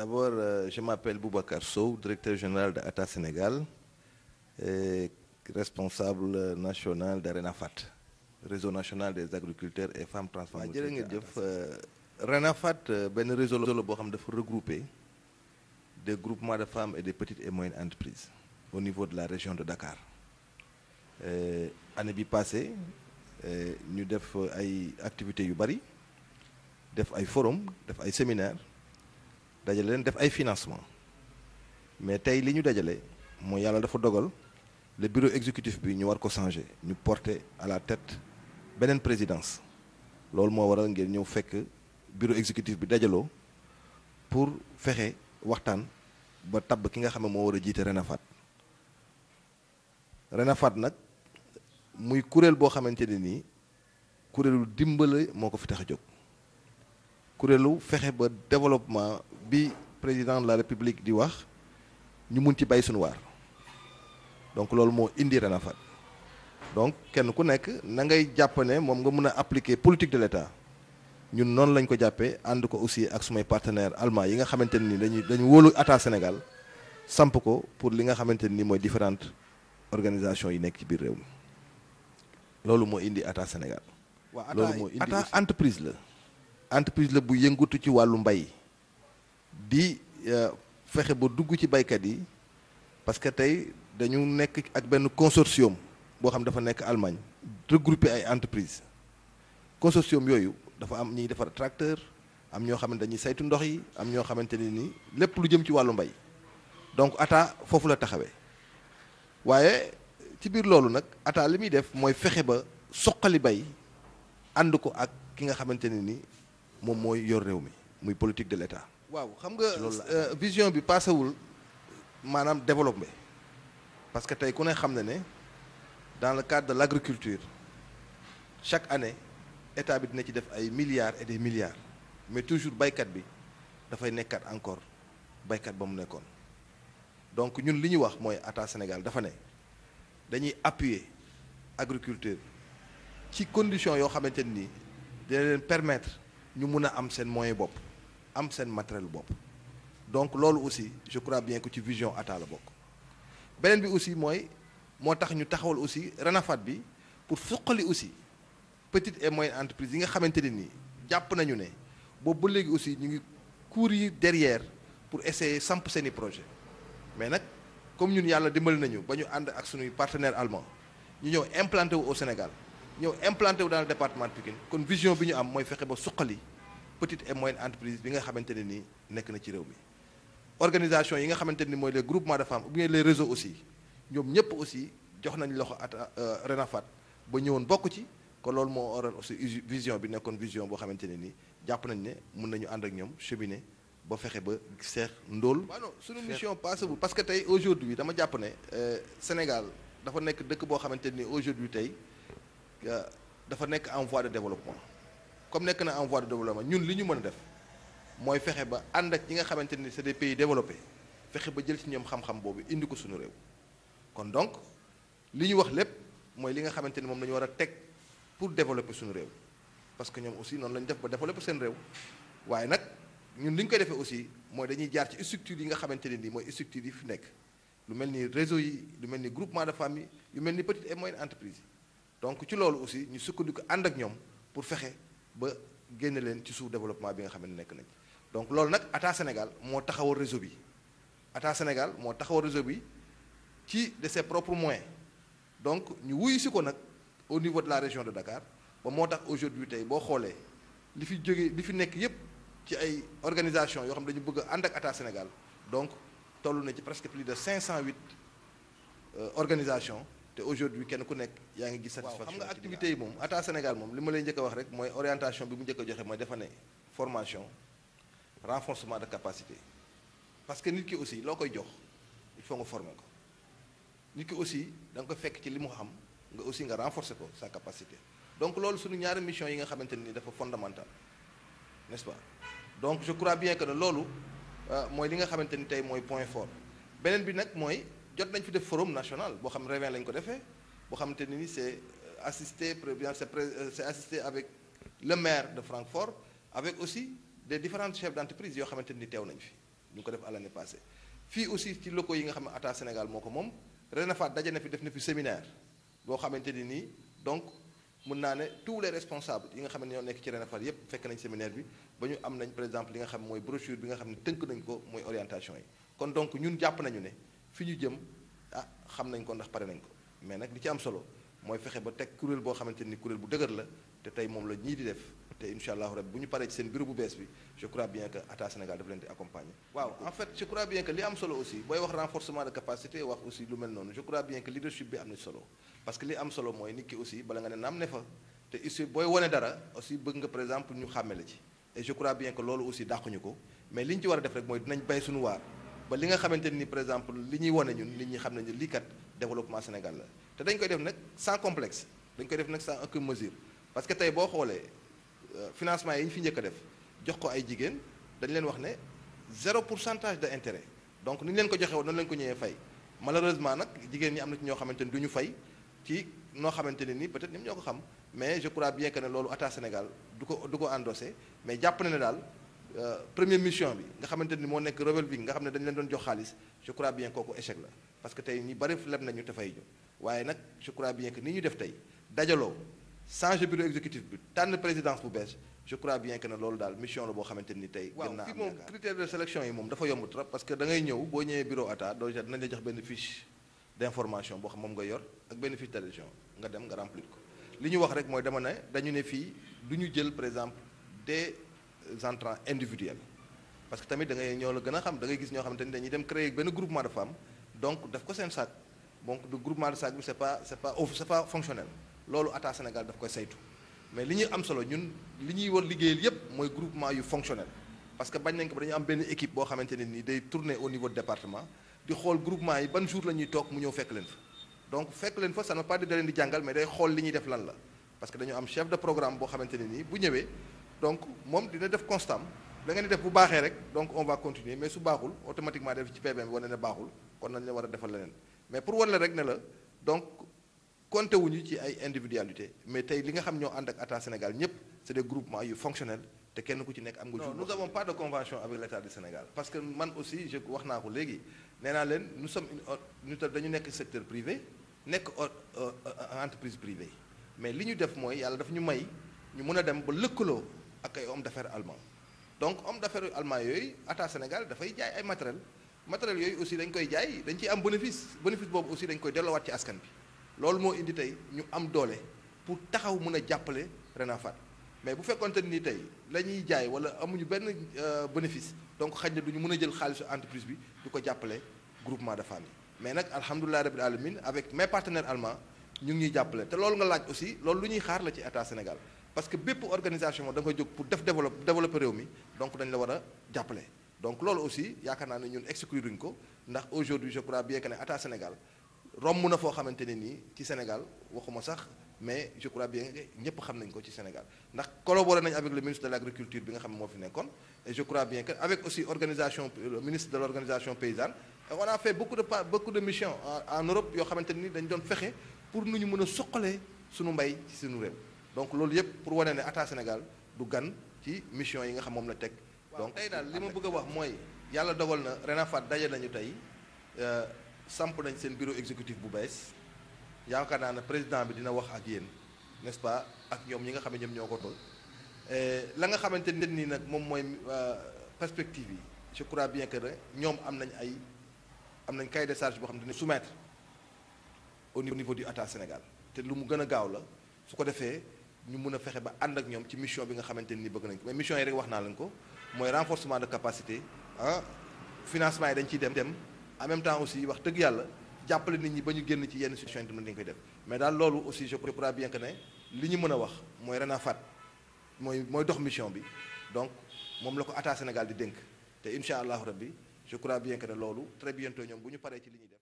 D'abord, euh, je m'appelle Boubacar Sow, directeur général de ATA Sénégal, et responsable national de RENAFAT, Réseau national des agriculteurs et femmes transformatrices. jërë ngeen jëf RENAFAT euh, benn réseau la boo xam dafa regrouper des groupement de femmes et des petites et moyennes entreprises au niveau de la région de Dakar euh, année bi passée euh, ñu def ay activités yu bari def ay forum def ay séminaires. dajale leen def ay financement mais tey li ñu dajale mooy yàlla dafa dogal le bureau exécutif bi ñu war ko changer ñu porter à la tête beneen présidence loolu moo waral ngeen ñëw fekk bureau exécutif bi dajaloo pour fexe waxtaan ba tabb ki nga xam ne moo war a jiite Renafat Renafat nag muy kuréel boo xamante ne nii kuréelu dimbale moo ko fi tax a jóg. kuréelu fexe ba développement bi président de la république di wax ñu mun ci bay suñu waar donc loolu moo indi rena RENAFAT donc kenn ku nekk na ngay jàpp ne moom nga mun a appliquer politique de l'État ñun noonu lañ ko jàppee ànd ko aussi ak sumay partenaires allemands yi nga xamante nii dañuy dañu wóolu État Sénégal samp ko pour li nga xamante nii mooy différentes organisations yi nekk ci biir réew loolu moo indi État Sénégal. loolu moo entreprise la. entreprise la bu yëngatu ci wàllu mbay di euh, fexe ba dugg ci baykat yi parce que tey dañu nekk ak benn consortium boo xam dafa nekk Allemagne regroupé ay entreprise consortium yooyu dafa am ñuy defar tracteur am ñoo xamante dañuy saytu ndox yi am ñoo xamante ne ni lépp lu jëm ci wàllu mbay donc ata foofu la taxawee waaye ci biir loolu nag ata li muy def mooy fexe ba soqali bay ànd ko ak ki nga xamante ne ni moom mooy yor réew mi muy politique de l'État. waaw xam nga euh, vision bi paasewul maanaam développé parce que tey ku ne xam na ne dans le cadre de l'agriculture chaque année état bi dina ci def ay milliards et des milliards mais toujours baykat bi dafay nekkaat encore baykat ba mu nekkoon donc ñun li ñu wax mooy État Sénégal dafa ne dañuy appuyer agriculture ci conditions yoo xamante ni dina leen permettre. ñu mun a am seen moyen bopp am seen matériel bopp donc loolu aussi je crois bien que ci vision Atta bokk beneen bi aussi mooy moo tax ñu taxawal aussi Renafat bi pour suqali aussi petite et moyenne entreprise yi nga xamante ne nii jàpp nañu ne boobu ba léegi aussi ñu ngi courir derrière pour essayer samp seeni projet mais nag comme ñun yàlla dimbali nañu ba ñu ànd ak suñuy partenaire allemand ñu ñëw implanté wu au Sénégal ñëw implanté wu dans le département de kon vision bi ñu am mooy fexe ba suqali petite et moyenne entreprise bi nga xamante ne nii nekk na ci réew mi organisation yi nga xamante ni mooy les groupement de femmes ou bien les réseaux aussi ñëpp aussi jox nañ loxo at euh, Renafat ba ñëwoon bokk ci kon loolu moo waral aussi vision bi nekkoon vision boo xamante ne nii jàpp nañ ne mun nañu ànd ak ñoom cheminer ba fexe ba seex ndool waaw non suñu mission passé bu parce que tey aujourd'hui dama jàpp ne euh, Sénégal dafa nekk dëkk boo xamante ni aujourd'hui tey. dafa nekk en voie de développement comme nekk na en voie de développement ñun li ñu mën a def mooy fexe ba ànd ak ñi nga xamante ni c'est des pays développés fexe ba jël ci ñoom xam boobu indi ko suñu réew kon donc li ñu wax lépp mooy li nga xamante ni moom la war a teg pour développer suñu réew parce que ñoom aussi noonu la def ba développer seen réew waaye nag ñun li ñu koy defee aussi mooy dañuy jaar ci structure yi nga xamante ne nii mooy structure yi fi nekk lu mel ni réseau yi lu mel ni groupement de famille yu mel ni petite et moyenne entreprise donc ci loolu aussi ñu sukkandiku ànd ak ñoom pour fexe ba génne leen ci suuf développement bi nga xam ne nekk nañ donc loolu nag État Sénégal moo taxawal réseau bi État Sénégal moo taxawal réseau bi ci de ses propres moyens donc ñu wuyu si ko nag au niveau de la région de Dakar ba moo tax aujourd'hui tey boo xoolee li fi jógee li fi nekk yépp ci ay organisation yoo xam ne dañu bëgg a ànd ak État Sénégal donc toll na ci presque plus de cinq cent 508 euh, organisation te aujourd'hui kenn ku nekk yaa ngi gis satisfaction xam nga activité yi moom État Sénégal moom li ma lay njëkk a wax rek mooy orientation bi mu njëkk a joxe mooy dafa formation renforcement de capacité parce que nit ki aussi loo koy jox il faut nga former ko nit ki aussi da nga ko fekk ci li mu xam nga aussi nga renforcer ko sa capacité donc loolu suñu ñaari mission yi nga xamante ni dafa fondamental n'est-ce pas donc je crois bien que ne loolu euh, mooy li nga xamante ni tey mooy point fort beneen bi nag mooy jot nañ fi def forum national boo xam Réveil lañ ko defee boo xam te ni ni c'est euh, assisté président euh, c'est assisté avec le maire de Francfort avec aussi des différents chefs d'entreprise yoo xamante ni teew nañ fi ñu ngi ko def à l'année passée fii aussi ci locaux yi nga ne État Sénégal moo ko moom RENAFAT daje na fi def na fi séminaire boo xamante ni nii donc mën naa ne tous les yi nga xam ne ñoo nekk ci RENAFAT yépp fekk nañ séminaire bi ba ñu am nañ mooy brochure bi nga xam ne tënk nañ ko mooy orientation yi kon donc ñun jàpp nañu ne fi ñu jëm ah xam nañ ko ndax pare nañ ko mais nag li ci am solo mooy fexe ba teg kuréel boo xamante ni kuréel bu dëgër la te tey moom la ñii di def te incha allahu rabi bu ñu paree ci seen bureau bu bees bi je crois bien que État Sénégal daf leen di accompagner. waaw en fait je crois bien que li am solo aussi booy wax renforcement de capacité wax aussi lu mel noonu je crois bien que leadership bi am na solo parce que li am solo mooy nit ki exemple ñu xàmme la ci. et je crois bien que ko mais li ñu ci war mooy dinañ bay suñu waar. ba li nga xamante ni par exemple li ñuy wane ñun nit ñi xam nañu lii kat développement Sénégal la te dañ koy def nag sans complexe dañ koy def nag sans aucune mesure parce que tey boo xoolee euh, financement yi ñu fi njëkk a def jox ko ay jigéen dañ leen wax ne zéro pourcentage de intérêt donc ni ñu leen ko joxe woon noonu lañ ko ñëwee fay malheureusement nag jigéen ñi am na ci ñoo xamante ni du ñu fay ci noo xamante ne ni peut-être ñoom ñoo ko xam mais je crois bien que loolu État Sénégal du ko du ko endossé mais jàpp na ne daal Euh, première mission bi nga xamante ni moo nekk revolving nga xam ne dañu leen doon jox xaalis je crois bien kooku échec la parce que tey ñu bari leb te fay ñu je crois bi tànn que ne loolu daal mission la boo xamante ni tey. gën naa am moom critère de sélection moom dafa yomb trop. parce que da ngay ñëw boo ñëwee bureau ATA déjà d' wax rek mooy dama ne dañu ne fii du jël par exemple des. entrants individuels parce que tamit da ngay ñoo la gën a xam da ngay gis ñoo xamante ni dañuy dem créer benn groupement de femmes donc daf ko seen sac donc du groupement de sac c'est pas c'est pas c'est pas fonctionnel loolu État Sénégal daf koy saytu mais li ñuy am solo ñun li ñuy war liggéeyal yépp mooy groupement yu fonctionnel parce que bañ nañ ko ba dañu am benn équipe boo xamante ne ni day tourner au niveau de département di xool yi ban jour la ñuy toog mu ñëw fekk leen fa fekk leen fa ça ne veut pas dire da leen li ñuy def lan la parce que dañu am chef de boo xamante ne nii bu ñëwee donc moom dina def constat da ngeen di def bu baaxee rek donc on va continuer mais su baaxul automatiquement def ci PBM bi wane ne baaxul kon nañ la war a defal leneen mais pour war la rek ne la donc wu ñu ci ay individualité mais tey li nga xam ñoo ànd ak État Sénégal ñëpp c'est des groupements yu fonctionnels te kenn ku ci nekk am nga jour nous avons pas de convention que man aussi wax naa ko léegi nee naa leen nous sommes une ñu tam dañu nekk secteur privé nekk euh, euh, entreprise privée mais li ñu def mooy yàlla daf ñu may ñu mën a dem ba lëkkaloo ak ay om d'affaires allemand donc homme d'affaires allemand yooyu État Sénégal dafay jaay ay matériel matériel yooyu aussi dañ koy jaay dañ ciy am bénéfice bénéfice boobu aussi dañ koy dellowaat ci askan bi loolu moo indi tey ñu am doole pour taxaw mën a jàppale Renafat mais bu fekkonte ni tey la ñuy jaay wala amuñu benn euh, bénéfice donc xaj na du ñu mën a jël xaalisu entreprise bi du ko jàppale groupement de femmes yi mais nag alhamdulilah rabbil alamin avec mes partenaires allemands ñuy jàppale te loolu nga laaj aussi lu ñuy xaar la ci état Sénégal parce que bépp organisation da nga jóg pour def développe développer réew mi donc dañ la war a jàppale donc loolu aussi yaakaar naa ne ñun exclure duñ ko ndax aujourd'hui je crois bien que ne État Sénégal romb na foo xamante ne nii ci Sénégal waxuma sax mais je crois bien que ñëpp xam nañ ko ci Sénégal ndax collaboré nañ avec le ministre de l' bi nga xam ne moo fi nekkoon et je crois bien que avec aussi organisation le ministre de l' organisation paysanne on yoo xamante ni dañ doon fexe pour nu ñu mën a soqalee suñu mbay ci suñu réew donc loolu yëpp pour wane ne État Sénégal du gan ci mission yi nga xam moom la teg. donc tey daal li ma bëgg a wax mooy yàlla dogal na RENAFAT daje nañu tey euh, samp nañ seen bureau exécutif bu bees yaakaar naa ne président bi dina wax ak yéen n'est-ce pas ak ñoom ñi nga xam ne ñoom ñoo ko toll. la nga xamante ne nii nag moom mooy euh, perspective yi je crois bien que ñoom am nañ ay am nañ cahier de charge boo xam ne dina soumettre au niveau du État Sénégal te lu mu gën a gaaw la su ko defee. ñu mën a fexe ba ànd ak ñoom ci mission bi nga xamante ni bëgg nañ ko mais mission yi rek wax naa leen ko mooy renforcement de capacité ah financement yi dañ ciy dem dem même temps aussi wax dëgg yàlla jàppale nit ñi ba ñu génn ci yenn situation yi tamit dañ koy def mais daal loolu aussi je crois bien que ne li ñu mën a wax mooy fat mooy mooy dox mission bi donc moom la ko État Sénégal di dénk te incha allahu rabbi je crois bien que ne loolu très bientôt ñoom ñu paree ci li ñuy def